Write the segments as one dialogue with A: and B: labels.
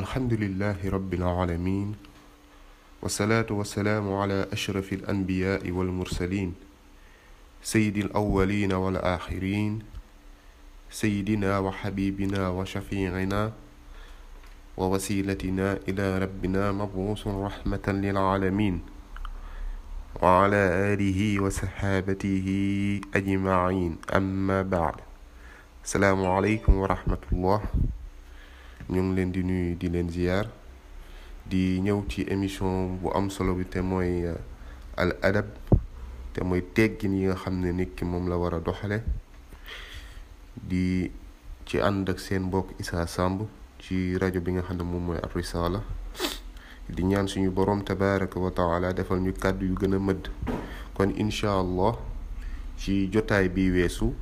A: alhamdulilahi rabbil alamin wasalaatu wasalaamu ala ashrafi al anbiyaai wal mursalin sayidi al awalina wal axirin sayidina wa xabibina wa shafiina wa wasilatina ila rabbina mabuusun raxmatan lil alamin wa ala alihi wa saxaabatihi ajmain amma baad asalaamu aleykum wa rahmatullah ñu ngi leen di nuyu di leen ziyaar di ñëw ci émission bu am solo bi te mooy euh, al adab te mooy teggin yi nga xam ne nit ki moom la war a doxale di ci ànd ak seen mbokk Issa Samb ci rajo bi nga xam ne moom mooy Ar Risaala di ñaan suñu boroom tabaraka wa defal ñu kàddu yu gën a mëdd kon incha allah ci jotaay bi weesu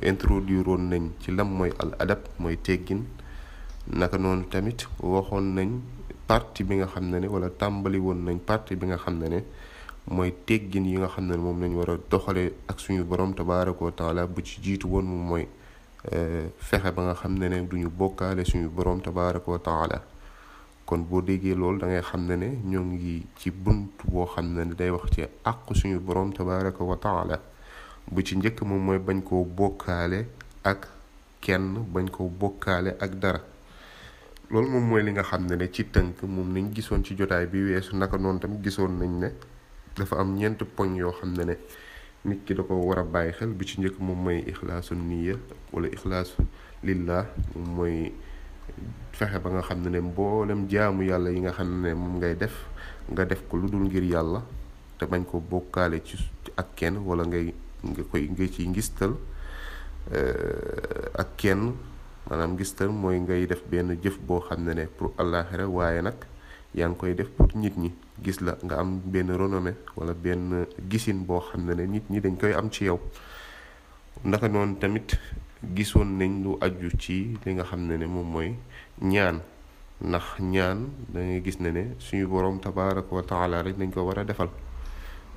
A: euh, introduire nañ ci lam mooy al adab mooy teggin naka noonu tamit waxoon nañ parti bi nga xam ne ne wala tàmbali woon nañ parti bi nga xam ne ne mooy teggin yi nga xam ne moom lañ war a doxalee ak suñu borom tabaaraka wa taala bu ci jiitu woon moom mooy euh, fexe ba nga xam ne ne duñu bokkaale suñu borom tabaaraka wa taala kon boo déggee loolu da ngay xam ne ne ñoo ngi ci bunt boo xam ne ne day wax ci àq suñu borom tabaaraka wa taala bu ci njëkk moom mooy bañ koo bokkaale ak kenn bañ koo bokkaale ak dara loolu moom mooy li nga xam ne ne ci tënk moom nañ gisoon ci jotaay bi weesu naka noonu tamit gisoon nañ ne dafa am ñeent poñ yoo xam ne ne nit ki da ko war a bàyyi xel bi ci njëkk moom mooy ixlaasu niya wala ixlaasu lillah moom mooy fexe ba nga xam ne ne mboolem jaamu yàlla yi nga xam ne moom ngay def nga def ko lu dul ngir yàlla te bañ ko bokkaale ci ak kenn wala ngay nga koy nga ci ngistal euh, ak kenn gis ngistal mooy ngay def benn jëf boo xam ne ne pour àllaaxira waaye nag yaa ngi koy def pour nit ñi gis la nga am benn renommée wala benn gisin boo xam ne ne nit ñi dañ koy am ci yow naka noonu tamit gisoon nañ lu aju ci li nga xam ne ne moom mooy ñaan ndax ñaan da ngay gis ne ne suñu borom tabaraka wa rek dañ ko war a defal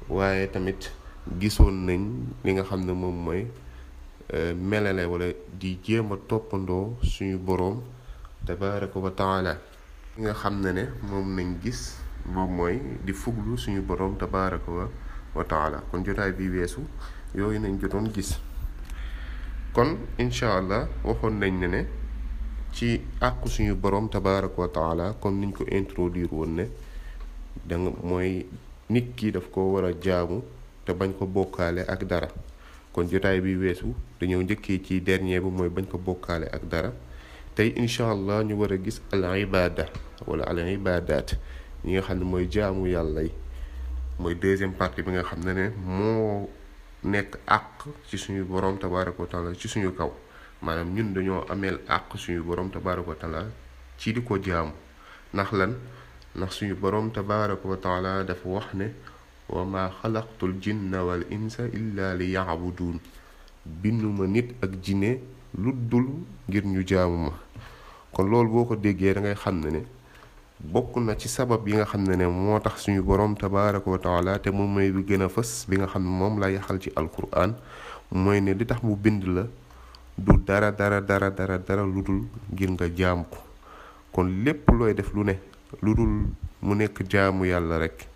A: waaye tamit gisoon nañ li nga xam ne moom mooy Euh, melale wala di jéem a toppandoo suñu boroom tabaraka wa taala li nga xam ne ne moom nañ gis moom mooy di fuglu suñu boroom tabaraka wa taala kon jotaay bi weesu yooyu nañ jotoon gis kon incha allah waxoon nañ ne ne ci àqu suñu boroom tabaraka wa taala kon niñ ko introduire woon ne danga mooy nit ki daf ko war a jaamu te bañ ko bokkaale ak dara kon jotaay bi weesu dañoo njëkkee ci dernier bi mooy bañ ko bokkaale ak dara tey incha allah ñu war a gis al ibada wala al ibadat ñi nga xam ne mooy jaamu yàlla yi mooy deuxième partie bi nga xam ne ne moo nekk àq ci suñu borom tabaraka wa taala ci suñu kaw maanaam ñun dañoo ameel àq suñu borom tabaraka wa taala ci di ko jaamu ndax lan ndax suñu borom tabaraka wa taala dafa wax ne wa ma xalaqtul na wal insa illa li yaabuduun binduma nit ak jinne lu dul ngir ñu jaamu kon loolu boo ko déggee da ngay xam ne ne bokk na ci sabab yi nga xam ne ne moo tax suñu borom tabaaraka wa taala te moom mooy bi gën a fës bi nga xam moom la yaxal ci alquran mooy ne li tax mu bind la du dara dara dara dara dara lu dul ngir ko kon lépp looy def lu ne lu dul mu nekk jaamu yàlla rek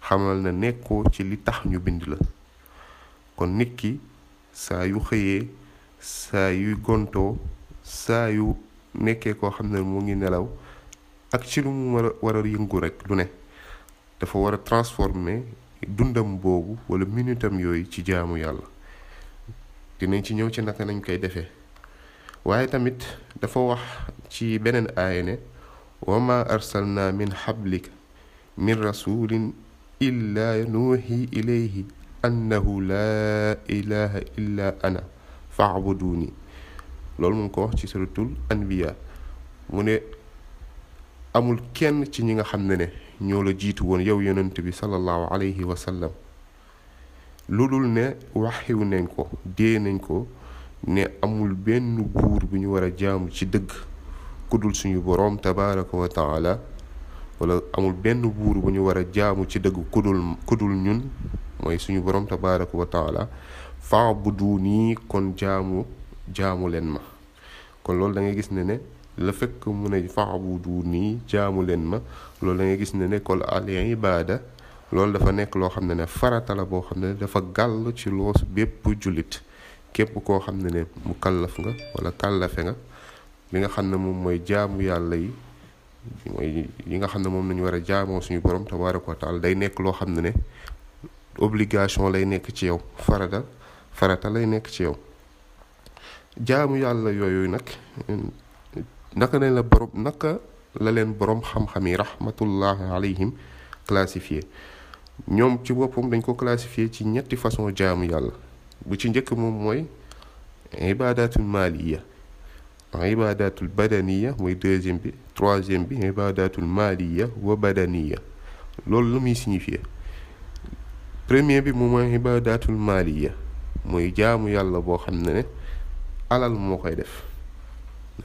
A: xamal na nekkoo ci li tax ñu bind la kon nit ki saa yu xëyee saa yu gontoo saa yu nekkee koo xam ne mu ngi nelaw ak ci lu mu war yëngu rek lu ne dafa war a transformer dundam boobu wala minutam yooyu ci jaamu yàlla dinañ ci ñëw ci naka nañ koy defee waaye tamit dafa wax ci beneen aaya ne wa ma arsalna min xablika min rasulin illaa nuuxi ilayhi annahu laa ilaha illa ana faabuduuni loolu mu ngi ko wax ci suratul anbiya mu ne amul kenn ci ñi nga xam ne ne ñoo la jiitu woon yow yonent bi sallallahu alayhi wa sallam lu dul ne waxiw nañ ko dee nañ ko ne amul benn buur bu ñu war a jaamu ci dëgg ku dul suñu boroom tabaraka wa taala wala amul benn buur bu ñu war jaamu ci dëgg kudul kudul ñun mooy suñu borom tabaraka wa taala fa'buduni kon jaamu jaamu leen ma loolu da gis ne ne la fekk mu ne fa'buduni jaamu leen ma loolu da ngay gis ne ne kon al loolu dafa nekk loo xam ne ne farata la boo xam ne dafa gàll ci loos bépp jullit képp koo xam ne ne mu kàllaf nga wala kàllafe nga li nga xam ne moom mooy jaamu yàlla yi mooy yi nga xam ne moom nañu war a jaamoo suñu borom tabaaraka wa day nekk loo xam ne ne obligation lay nekk ci yow farata farata lay nekk ci yow jaamu yàlla yooyu nag naka lañ la borom naka la leen borom xam-xam yi rahmatullahi alayhim classifié ñoom ci boppam dañ ko classifié ci ñetti façon jaamu yàlla bu ci njëkk moom mooy ibadatul maliya ibadatul badaniya mooy deuxième bi troisième bi ibadatul maliya wa badaniya loolu la muy signifier premier bi moom mooy ibadatul maliya mooy jaamu yàlla boo xam ne ne alal moo koy def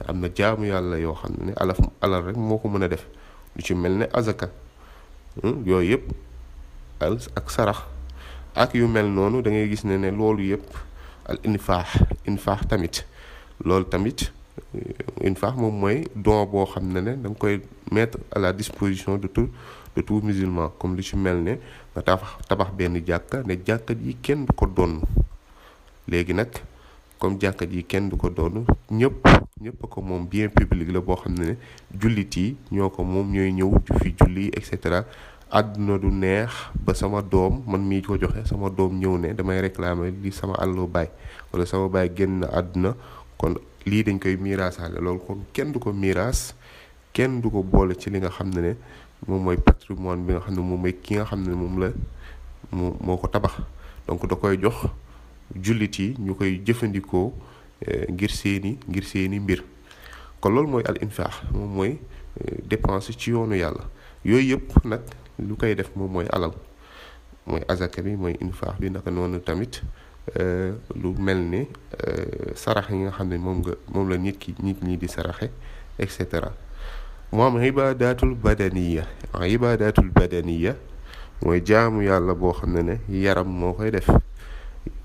A: am na jaamu yàlla yoo xam ne alaf alal rek moo ko mën a def lu ci mel ne azaka hmm, yooyu yëpp al ak sarax ak yu mel noonu da ngay gis ne ne loolu yëpp al infaax infaax tamit loolu tamit infaq moom mooy don boo xam ne ne da koy mettre à la disposition de tout de tout musulman comme li ci mel ne nga tabax tabax benn jàkka ne jàkka yi kenn du ko donn léegi nag comme jàkka yi kenn du ko donn ñëpp ñëpp a ko moom bien public la boo xam ne ne jullit yi ñoo ko moom ñooy ñëw fi julli et cetera àdduna du neex ba sama doom man mii ko joxe sama doom ñëw ne damay réclamer li sama àllu baay wala sama baay génn àdduna kon lii dañ koy miiraasaale loolu kon kenn du ko miiraas kenn du ko boole ci li nga xam ne ne moom mooy patrimoine bi nga xam ne moom mooy ki nga xam ne moom la mu moo ko tabax donc da koy jox jullit yi ñu koy jëfandikoo eh, ngir seeni ngir seeni mbir kon loolu mooy al infaax moom mooy eh, dépense ci yoonu yàlla yooyu yëpp nag lu koy def moom mooy alal mooy azaka bi mooy infaax bi naka noonu tamit Euh, lu mel ni euh, sarax yi nga xam ne moom nga moom la nit ki nit ñi di saraxe et cetera moom ibadatul badaniya ibadatul badaniya mooy jaamu yàlla boo xam ne ne yaram moo koy def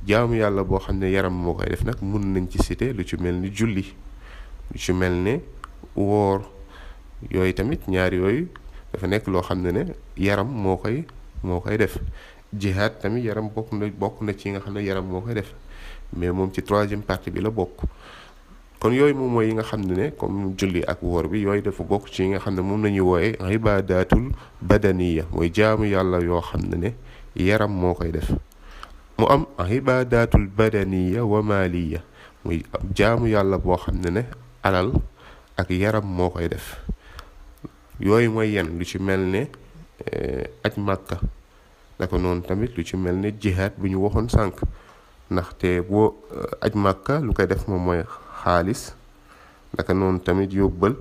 A: jaamu yàlla boo xam ne yaram moo koy def nag mun nañ ci citer lu ci mel ni julli lu ci mel ne woor yooyu tamit ñaar yooyu dafa nekk loo xam ne ne yaram moo koy moo koy def jihaad tamit yaram bokk na bokk na ci nga xam ne yaram moo koy def mais moom ci troisième partie bi la bokk kon yooyu moom mooy yi nga xam ne ne comme julli ak woor bi yooyu defu bokk ci yi nga xam ne moom la ñuy wooye ibadatul badaniya mooy jaamu yàlla yoo xam ne ne yaram moo koy def mu am ibadatul badaniya wa maliya muy jaamu yàlla boo xam ne ne alal ak yaram moo koy def yooyu mooy yen lu ci mel ne eh, aj màkka naka noonu tamit lu ci mel ni jihaad bu ñu waxoon sànq ndaxte boo eh, aj màkka lu koy def moom mooy xaalis naka noonu tamit yóbbal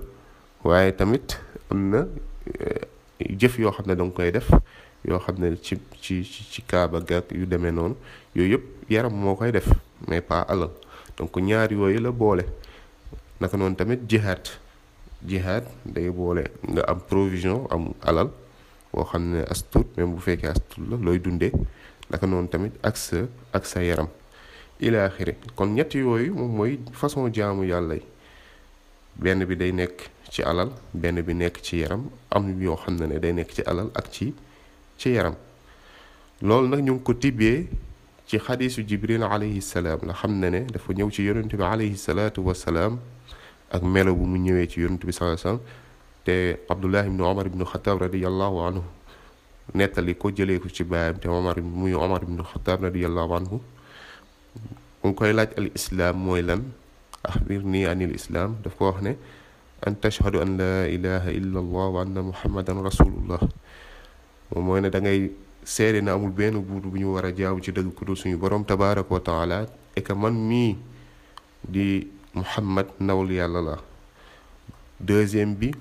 A: waaye tamit am na eh, jëf yoo xam ne danga koy def yoo xam ne ci ci ci kaaba gag yu demee noonu yooyu yëpp yaram moo koy def mais pas alal donc ñaar yooyu la boole naka noonu tamit jihaad jihaad day boole nga am provision am alal boo xam ne as tuut bu fekkee as la looy dunde naka noonu tamit ak sa ak sa yaram ilaaxiri kon ñett yooyu moom mooy façon jaamu yàlla benn bi day nekk ci alal benn bi nekk ci yaram am yoo xam ne ne day nekk ci alal ak ci ci yaram loolu nag ñu ngi ko tibbee ci xadiisu jibril alayhi salaam la xam ne ne dafa ñëw ci yonent bi alayhi salaatu wasalaam ak melo bu mu ñëwee ci yonent bi sallallahu alayhi wasallam te abdullah ibnu omar ibnu xataab radiallahu anhu nettali ko jëlee ko ci baayam te omar muy koy laaj al islaam mooy lan axbir nii daf ko wax ne an tashhadu an laa ilaha illa na amul benn buur bu ñu war a jaamu ci dëgg ku dul suñu borom tabaraka wa taala et que man mii di muhammad nawul yàlla la deuxième bi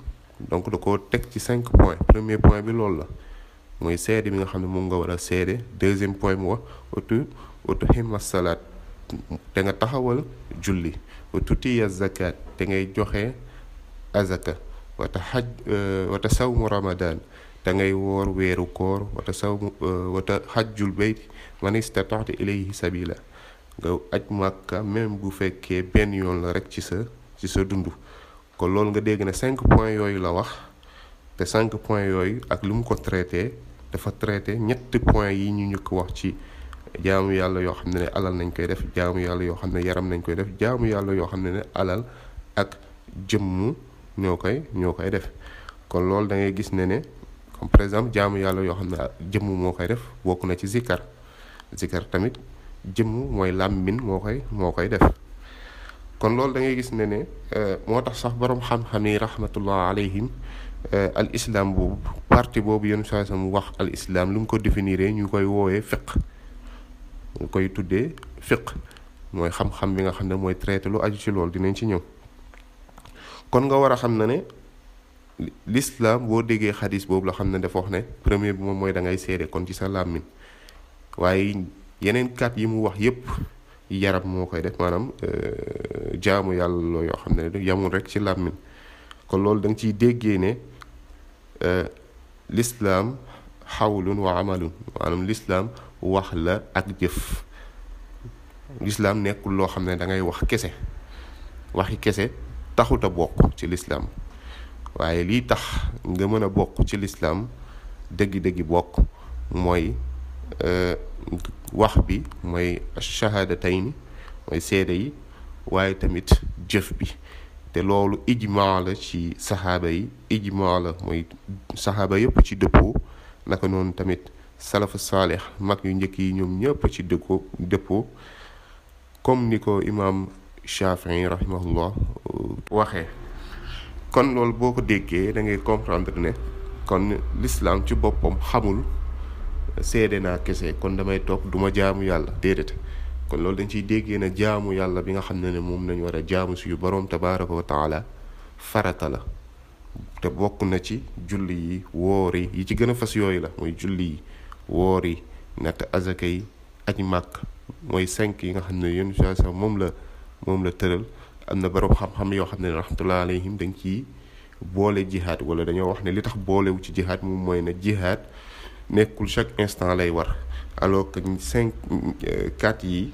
A: donc da ko teg ci cinq points premier point bi loolu la mooy seede bi nga xam ne moom nga war a seede deuxième point mu wax utu utu xima salaat te taxawal julli ututiya zakat te ngay joxe azaka wata xaj wata sawmu ramadan te ngay woor weeru koor wata sawmu wata xajjul bayt man istataxte ilayhi sabila nga aj màkka même bu fekkee benn yoon la rek ci sa ci sa dund kon loolu nga dégg ne cinq points yooyu la wax te cinq points yooyu ak lu mu ko traité dafa traité ñetti points yi ñu ñu ko wax ci jaamu yàlla yoo xam ne ne alal nañ koy def jaamu yàlla yoo xam ne yaram nañ koy def jaamu yàlla yoo xam ne ne alal ak jëmm ñoo koy ñoo koy def kon loolu da ngay gis ne ne comme par exemple jaamu yàlla yoo xam ne jëmm moo koy def bokk na ci zikkar zikkar tamit jëmm mooy làmbin moo koy moo koy def kon loolu da ngay gis ne ne euh, moo tax sax borom xam-xam yi rahmatullah alayhim euh, al islam boobu parti boobu yenn saa mu wax al islam lu mu ko définir ñu koy woowee fiq ñu koy tuddee fiq mooy xam-xam bi nga xam ne mooy traité lu aju ci loolu dinañ ci ñëw kon nga war a xam na ne l'islam boo déggee xadiis boobu la xam ne dafa ne premier bi moom mooy dangay ngay seede kon ci sa làmmiñ waaye yeneen kat yi mu wax yépp yaram moo koy def maanaam euh, jaamu yàlla yoo xam ne yamul rek ci làmmiñ kon loolu danga ciy déggee ne euh, lislaam xawlun wa amalun maanaam lislaam wax la ak jëf lislaam nekkul loo xam ne dangay wax kese waxi kese taxuta bokk ci lislaam waaye lii tax nga mën a bokk ci lislaam dëggi-dëggi bokk mooy Euh, wax bi mooy shahadatayni mooy seede yi waaye tamit jëf bi te loolu ijmaa la ci saxaaba yi ijmaa la mooy saxaaba yëpp ci dëppoo naka noonu tamit salafu saalix mag yu njëkk yi ñoom ñëpp ci dëkko dëppoo comme ni ko imaam Shafii rahimahullah euh, waxee kon loolu boo ko déggee da comprendre ne kon l'islam ci boppam xamul seede naa kese kon damay toog duma jaamu yàlla déedéet kon loolu dañ ciy déggee na jaamu yàlla bi nga xam ne ne moom nañ war a jaamu suñu boroom tabaraka wa taala farata la te bokk na ci julli yi woor yi ci gën a fas yooyu la mooy julli yi woor yi natt azaka yi aj màkk mooy cinq yi nga xam ne yéen sax moom la moom la tëral am na borom xam-xam yoo xam ne rahmatullah alayhim dañ ciy boole jihaad wala dañoo wax ne li tax boolewu ci jihaad moom mooy na jihaad nekkul chaque instant lay war alors que cinq quatre yi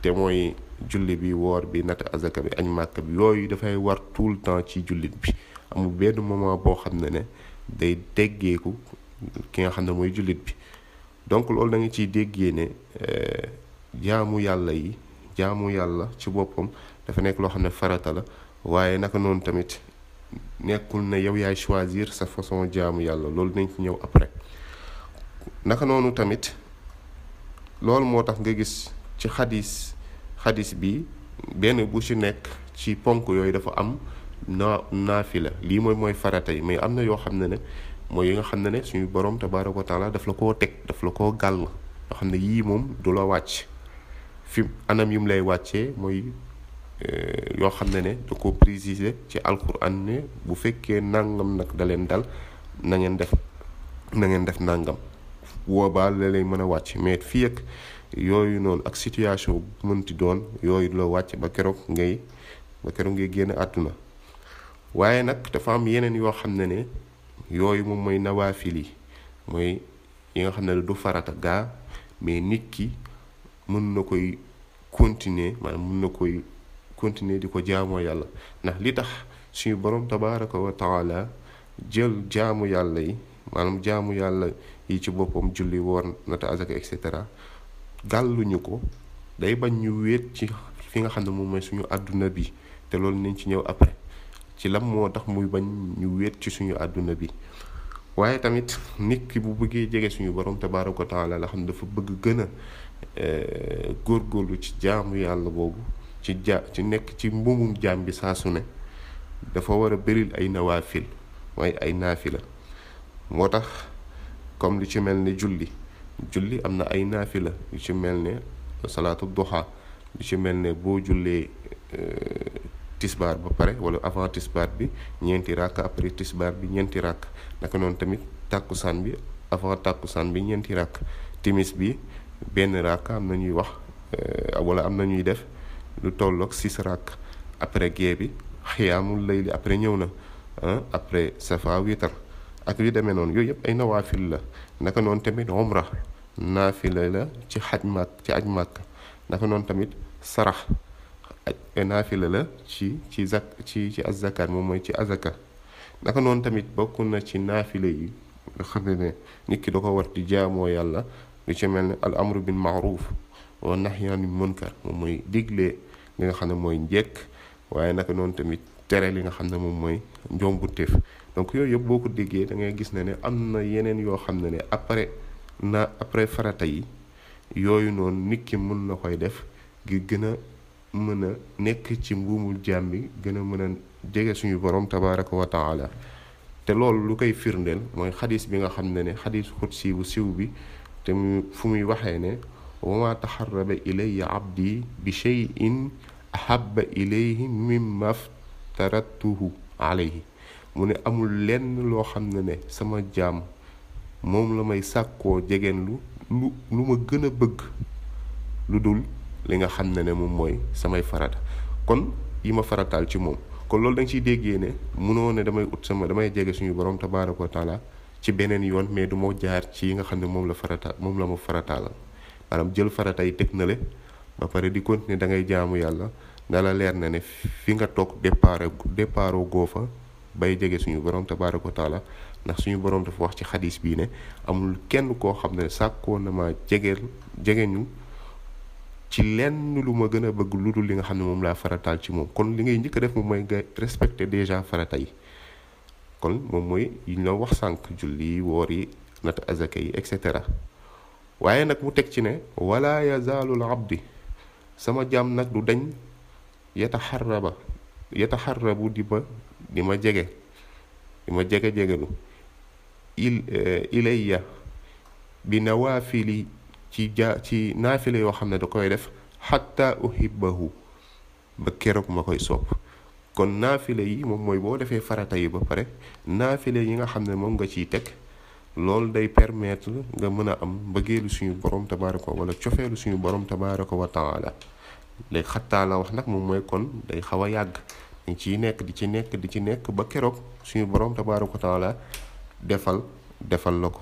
A: te mooy julli bi woor bi natt azaka bi añ màkk bi yooyu dafay war tout le temps ci jullit bi amul benn moment boo xam ne ne day déggeeku ki nga xam ne mooy jullit bi donc loolu da ci ciy déggee ne euh, jaamu yàlla yi jaamu yàlla ci boppam dafa nekk loo xam ne farata la waaye naka noonu tamit nekkul na yow yaay choisir sa façon jaamu yàlla loolu nañ ci ñëw après naka noonu tamit loolu moo tax nga gis ci xadis xadis bi benn bu ci nekk ci ponk yooyu dafa am naa la lii mooy mooy farata yi mais am na yoo xam ne ne mooy yi nga xam ne ne suñu borom tabaaraka wa taala daf la koo teg daf la koo gàll yoo xam ne yii moom du la wàcc fi anam yim lay wàccee mooy eh, yoo xam ne ne da ko préciser ci alquran bu fekkee nangam nag da leen dal na ngeen def na ngeen def nangam. woobaa la lay mën a wàcc mais fii ak yooyu noonu ak situation bu mënti doon yooyu la wàcc ba keroog ngay ba keroog ngay génn àdduna waaye nag dafa am yeneen yoo xam ne ne yooyu moom mooy nawaafil yi mooy yi nga xam ne du farata gaa mais nit ki mën na koy continuer maanaam mën na koy continuer di ko jaamoo yàlla ndax li tax suñu borom tabaaraka wa taala jël jaamu yàlla yi maanaam jaamu yàlla kii ci boppam julli woor nata azaka et cetera gàlluñu ko day bañ ñu wéet ci fi nga xam ne moom mooy suñu àdduna bi te loolu nañ ci ñëw après ci lam moo tax muy bañ ñu wéet ci suñu àdduna bi waaye tamit nit ki bu bëggee jege suñu borom tabaaraka wa taala la xam dafa bëgg gën a eh, góorlu ci jaamu yàlla boobu ci ja ci nekk ci mbumum jaam bi saa su ne dafa war a bëril ay nawaafil waaye ay naafila moo tax comme lu ci mel ni julli julli am na ay naafi la lu ci mel ne salaatu duha lu ci mel ni boo jullee euh, tisbaar ba pare wala avant tisbaar bi ñeenti rakk après tisbaar bi ñeenti rakk naka noonu tamit tàkkusaan bi avant tàkkusaan bi ñeenti rakk timis bi benn rakk am na ñuy wax euh, wala am na ñuy def lu tolloog six rakk après gée bi xiyaamul layli après ñëw na après safa witar ak yu demee noonu yooyu yëpp ay nawaafil la naka noonu tamit umra naafila la ci xaj màkk ci aj màkk naka noonu tamit sarax naafila la ci ci zak ci ci azzakat moom mooy ci azaka naka noonu tamit bokk na ci naafila yi xam ne nit ki da ko di jaamoo yàlla lu ci mel ne al amru bil maaruf wa nahyaani munkar moom mooy digle li nga xam ne mooy njekk waaye naka noonu tamit tere li nga xam ne moom mooy njombuteef donc yooyu yëpp boo ko diggee da ngay gis na ne am na yeneen yoo xam ne ne après na après farata yi yooyu noonu nit ki mën na koy def gi gën a mën a nekk ci mbuumul jaam bi gën a mën a jege suñu borom tabaraka wa te loolu lu koy firndeel mooy xadis bi nga xam ne ne xadis xudsi bu siw bi te mu fu muy waxee ne wama taxaraba ilayya abdi bi cheyin ahaba ilayhi mimma aftaratuhu alayhi mu ne amul lenn loo xam ne ne sama jaam moom la may sàkkoo jegeen lu lu lu ma gën a bëgg lu dul li nga xam ne ne moom mooy samay farata kon yi ma farataal ci moom kon loolu da nga ciy déggee ne munoo ne damay ut sama damay jege suñu borom tabaaraka wa taala ci beneen yoon mais du ma jaar ci yi nga xam ne moom la farata moom la ma farataalal maanaam jël farata yi teg na le ba pare di continuer da ngay jaamu yàlla dala leer na ne fi nga toog départ départ goo fa bay jege suñu borom tabaaraka wa ndax suñu boroom dafa wax ci xadis bii ne amul kenn koo xam ne sàkkoo na ma jegeel jege ñu ci lenn lu ma gën a bëgg lu dul li nga xam ne moom laa farataal ci moom kon li ngay njëkk def moom mooy nga respecté déjà farata yi kon moom mooy yi ñu la wax sànq julli woor yi nat azaka yi et cetera waaye nag mu teg ci ne wala yazaalul abdi sama jaam nag du dañ yataxarraba yataxarrabu di ba li ma jege di ma jege jegelu il eh, ilayya bi nawaafili ci ja ci naafile yoo xam ne da koy def xatta uhibbahu ba keroog ma koy sopp kon naafile yi moom mooy boo defee farata yi ba pare naafile yi nga xam ne moom nga ciy teg loolu day permettre nga mën a am mbëggeelu suñu borom tabaraka wala cofeelu suñu borom tabaraka wa taala la wax nag moom mooy kon day xaw a yàgg ñu ciy nekk di ci nekk di ci nekk ba keroog suñu borom tabaaraka taala defal defal la ko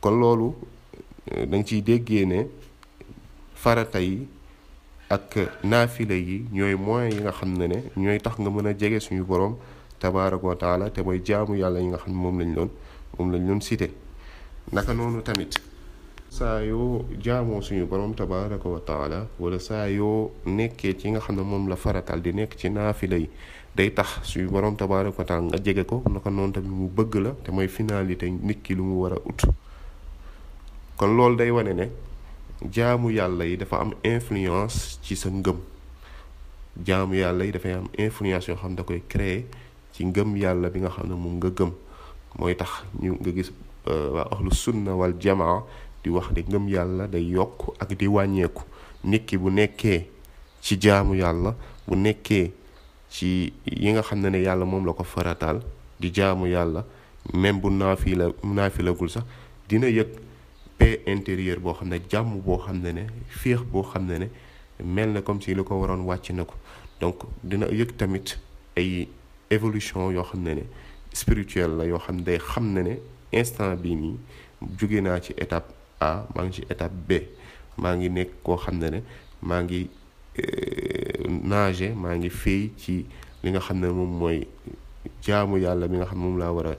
A: kon loolu eh, danga ciy déggee ne farata yi ak naafile yi ñooy moyens yi nga xam ne ne ñooy tax nga mën a jege suñu borom tabaaraka wa taala te mooy jaamu yàlla yi nga xam ne moom lañ doon moom lañ loon cité naka noonu tamit. saa yoo jaamoo suñu borom tabaraka wa taala wala saa yoo nekkee ci nga xam ne moom la faratal di nekk ci naafila yi day tax suñu borom tabaraka wa taala nga jege ko naka noonu tamit mu bëgg la te mooy te nit ki lu mu war a ut kon loolu day wane ne jaamu yàlla yi dafa am influence ci sa ngëm jaamu yàlla yi dafay am influence yoo xam da koy créer ci ngëm yàlla bi nga xam ne moom nga gëm mooy tax ñu nga gis euh, waa ahlu sunna wal jamaa di wax ne ngëm yàlla day yokk ak di wàññeeku nit ki bu nekkee ci jaamu yàlla bu nekkee ci yi nga xam ne ne yàlla moom la ko farataal di jaamu yàlla même bu naafi la naafilagul sax dina yëg paix intérieure boo xam ne jàmm boo xam ne ne féex boo xam ne ne mel na comme si li ko waroon wàcc na ko donc dina yëg tamit ay évolution yoo xam ne ne spirituelle la yoo xam ne day xam ne ne instant bii nii jóge naa ci étape A maa ngi ci étape B maa ngi nekk koo xam ne ne maa ngi euh, nager maa ngi fay ci li nga xam ne moom mooy jaamu yàlla mi nga xam ne moom laa war a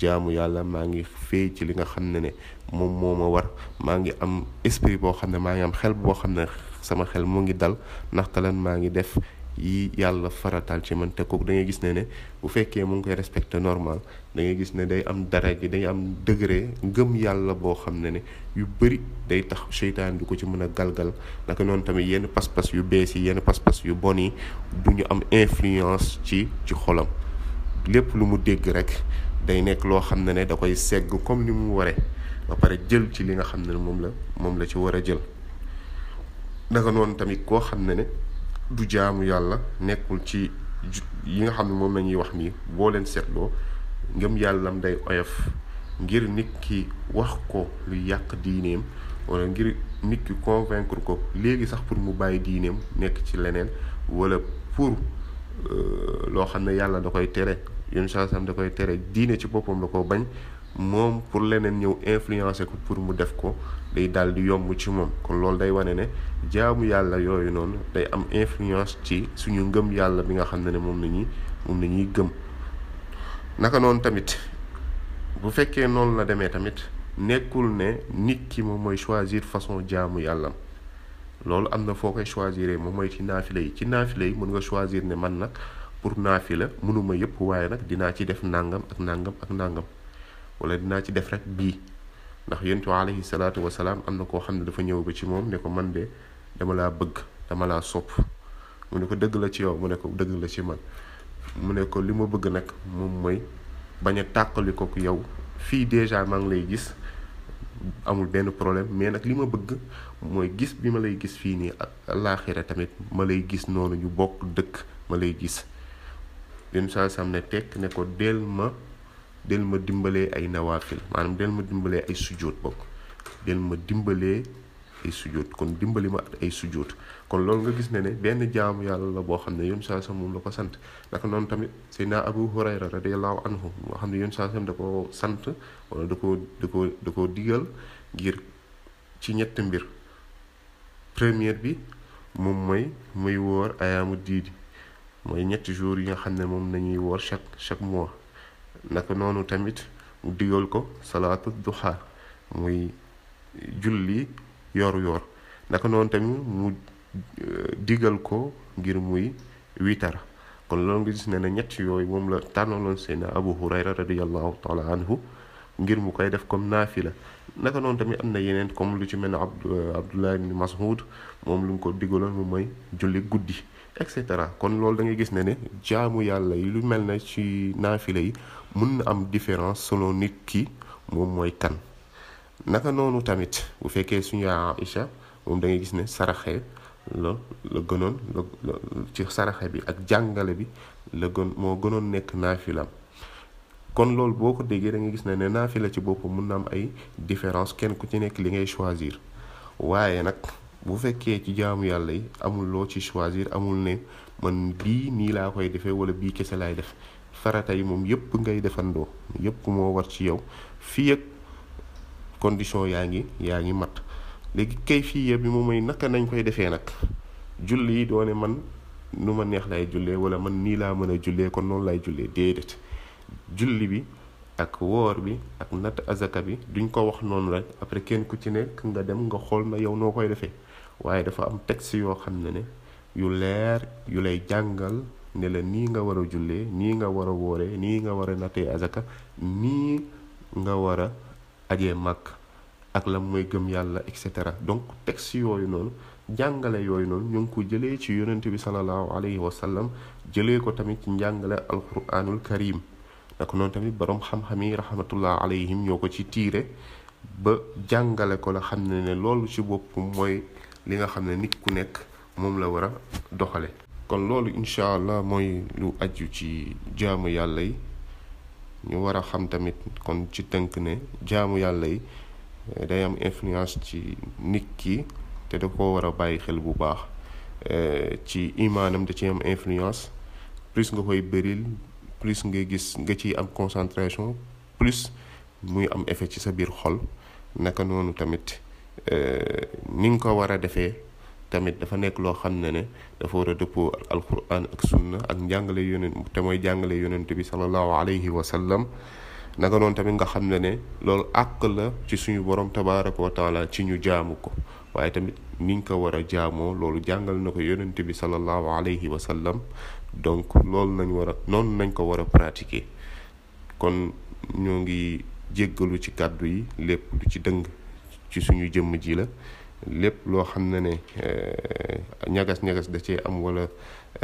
A: jaamu yàlla maa ngi fay ci li nga xam ne ne moom moo ma war maa ngi am esprit boo xam ne maa ngi am xel boo xam ne sama xel mu ngi dal ndaxte maa ngi def yi yàlla faratal ci man teg kooku da gis ne ne bu fekkee mu ngi koy respecté normal da ngay gis ne day am dara ji day am degré ngëm yàlla boo xam ne ne yu bëri day tax seytaan du ko ci mën a galgal naka noonu tamit yenn pas-pas yu bees yi yenn pas-pas yu bon yi du ñu am influence ci ci xolam lépp lu mu dégg rek day nekk loo xam ne ne da koy segg comme ni mu waree ba pare jël ci li nga xam ne ne moom la moom la ci war a jël naka noonu tamit koo xam ne ne du jaamu yàlla nekkul ci yi nga xam ne moom la ñuy wax nii boo leen seetloo ngëm yàllam day oyof ngir nit ki wax ko lu yàq diineem wala ngir nit ki convaincre ko léegi sax pour mu bàyyi diineem nekk ci leneen wala pour euh, loo xam ne yàlla da koy tere yén saasam da koy tere diine ci boppam la ko bañ moom pour leneen ñëw influencer ko pour mu def ko day daal di yomb ci moom kon loolu day wane ne jaamu yàlla yooyu noonu day am influence ci suñu ngëm yàlla bi nga xam ne ne moom la moom la gëm naka noonu tamit bu fekkee noonu la demee tamit nekkul ne nit ki moom mooy choisir façon jaamu yàllam loolu am na foo koy choisir moom mooy ci naafile yi ci naafile yi mën nga choisir ne man nag pour naafila mënuma yëpp waaye nag dinaa ci def ndàngam ak ndàngam ak ndàngam wala dinaa ci def rek bii ndax yonent bi alayhi salaatu wasalaam am na koo xam ne dafa ñëw ba ci moom ne ko man de dama laa bëgg dama laa sopp mu ne ko dëgg la ci yow mu ne dëgg la ci man mu ne ko li ma bëgg nag moom mooy bañ a tàqali ko yow fii déjà maa ngi lay gis amul benn problème mais nag li ma bëgg mooy gis bi ma lay gis fii nii ak laaxira tamit ma lay gis noonu ñu bokk dëkk ma lay gis yonent bi ne tekk ne ko del ma del ma dimbalee ay nawaafil maanaam del ma dimbalee ay sujjóot bokk del ma dimbalee ay sujjóot kon dimbali ma ay sujjóot kon loolu nga gis ne ne benn jaamu yàlla la boo xam ne yoon saa sam moom la ko sant naka noonu tamit Seydina Abu Hurayra radiyallahu anhu boo xam ne yoon saa sam ko sant wala da ko da ko da ko digal ngir ci ñetti mbir première bi moom mooy muy woor ayaamu diidi mooy ñetti jours yi nga xam ne moom nañuy woor chaque chaque mois naka noonu tamit mu digal ko salaatu duha muy julli yor yor naka noonu tamit mu euh, digal ko ngir muy witar kon loolu nga gis ne ne ñett yooyu moom la tànnaloon seen abu hurayra radiallahu taala ngir mu koy def comme naafila naka noonu tamit am na yeneen comme lu ci mel ne euh, abdullah ibn mas'ud moom lu mu ko digaloon mu mooy julli guddi et cetera kon loolu dangay gis ne ne jaamu yàlla yi lu mel na ci naafile yi mun na am différence selon nit ki moom mooy kan naka noonu tamit bu fekkee suñu a Aïcha moom dangay gis ne saraxe la la gënoon la ci saraxe bi ak jàngale bi la gën moo gënoon nekk naafilam kon loolu boo ko déggee da nga gis ne ne naafila ci boppam mun na am ay différence kenn ku ci nekk li ngay choisir waaye nag bu fekkee ci jaamu yàlla yi amul ci choisir amul ne man bii nii laa koy defee wala bii kese laay def farata yi moom yëpp ngay defandoo yëpp moo war ci yow fii ak condition yaa ngi yaa ngi mat léegi kay fii bi mu may naka nañ koy defee nag julli yi doone man nu ma neex lay jullee wala man nii laa mën a jullee kon noonu lay jullee déedéet julli bi ak woor bi ak natt azaka bi duñ ko wax noonu rek après kenn ku ci nekk nga dem nga xool na yow noo koy defee waaye dafa am texte yoo xam ne ne yu leer yu lay jàngal ne la nii nga war a jullee nii nga war a wóoree nii nga war a nattee azaka nii nga war a ajee màkk ak la mooy gëm yàlla et cetera donc texte yooyu noonu jàngale yooyu noonu ñu ngi ko jëlee ci yonent bi salallahu alayhi wa sallam jëlee ko tamit ci njàngale alquranul karim naka noonu tamit boroom xam-xam yi rahmatullah alayhim ñoo ko ci tiire ba jàngale ko la xam ne ne loolu ci bopp mooy li nga xam ne nit ku nekk moom la war a doxale kon loolu incha allah mooy lu aju ci jaamu yàlla yi ñu war a xam tamit kon ci tënk ne jaamu yàlla yi eh, day am influence ci nit ki te da koo war a bàyyi xel bu baax eh, ci imaanam da ci am influence plus nga koy bëril plus nga gis nga ci am concentration plus muy am effet ci sa biir xol naka noonu tamit Euh, ni nga ko war a defee tamit dafa nekk loo xam ne ne dafa war a dëppoo ak alquran ak sunna ak njàngale yonent te mooy jàngale yonent bi sallallahu alayhi wa sallam naka noonu tamit nga xam ne ne loolu àq la ci suñu borom tabaraka wa taala ci ñu jaamu ko waaye tamit niñ ko war a jaamoo loolu jàngal na ko yonent bi sallallahu alayhi wa sallam donc loolu nañ war a noonu nañ ko war a pratiquer kon ñoo ngi jéggalu ci kàddu yi lépp lu ci dëng ci suñu jëmm ji la lépp loo xam ne ne ñagas-ñagas euh, da cee am wala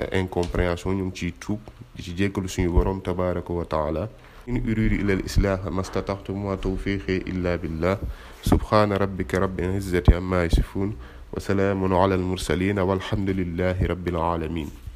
A: euh, incompréhension ñu ngi ciy tuub di ci jéggalu suñu borom tabaraka wa taala in uridu ila al islah mastataxtu ma tawfiqi illa billah subhaana rabbika rabbil izzati amma yasifun wa salaamun ala al mursalin walhamdulillahi rabbil alamin